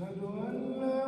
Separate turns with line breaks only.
أشهد أن لا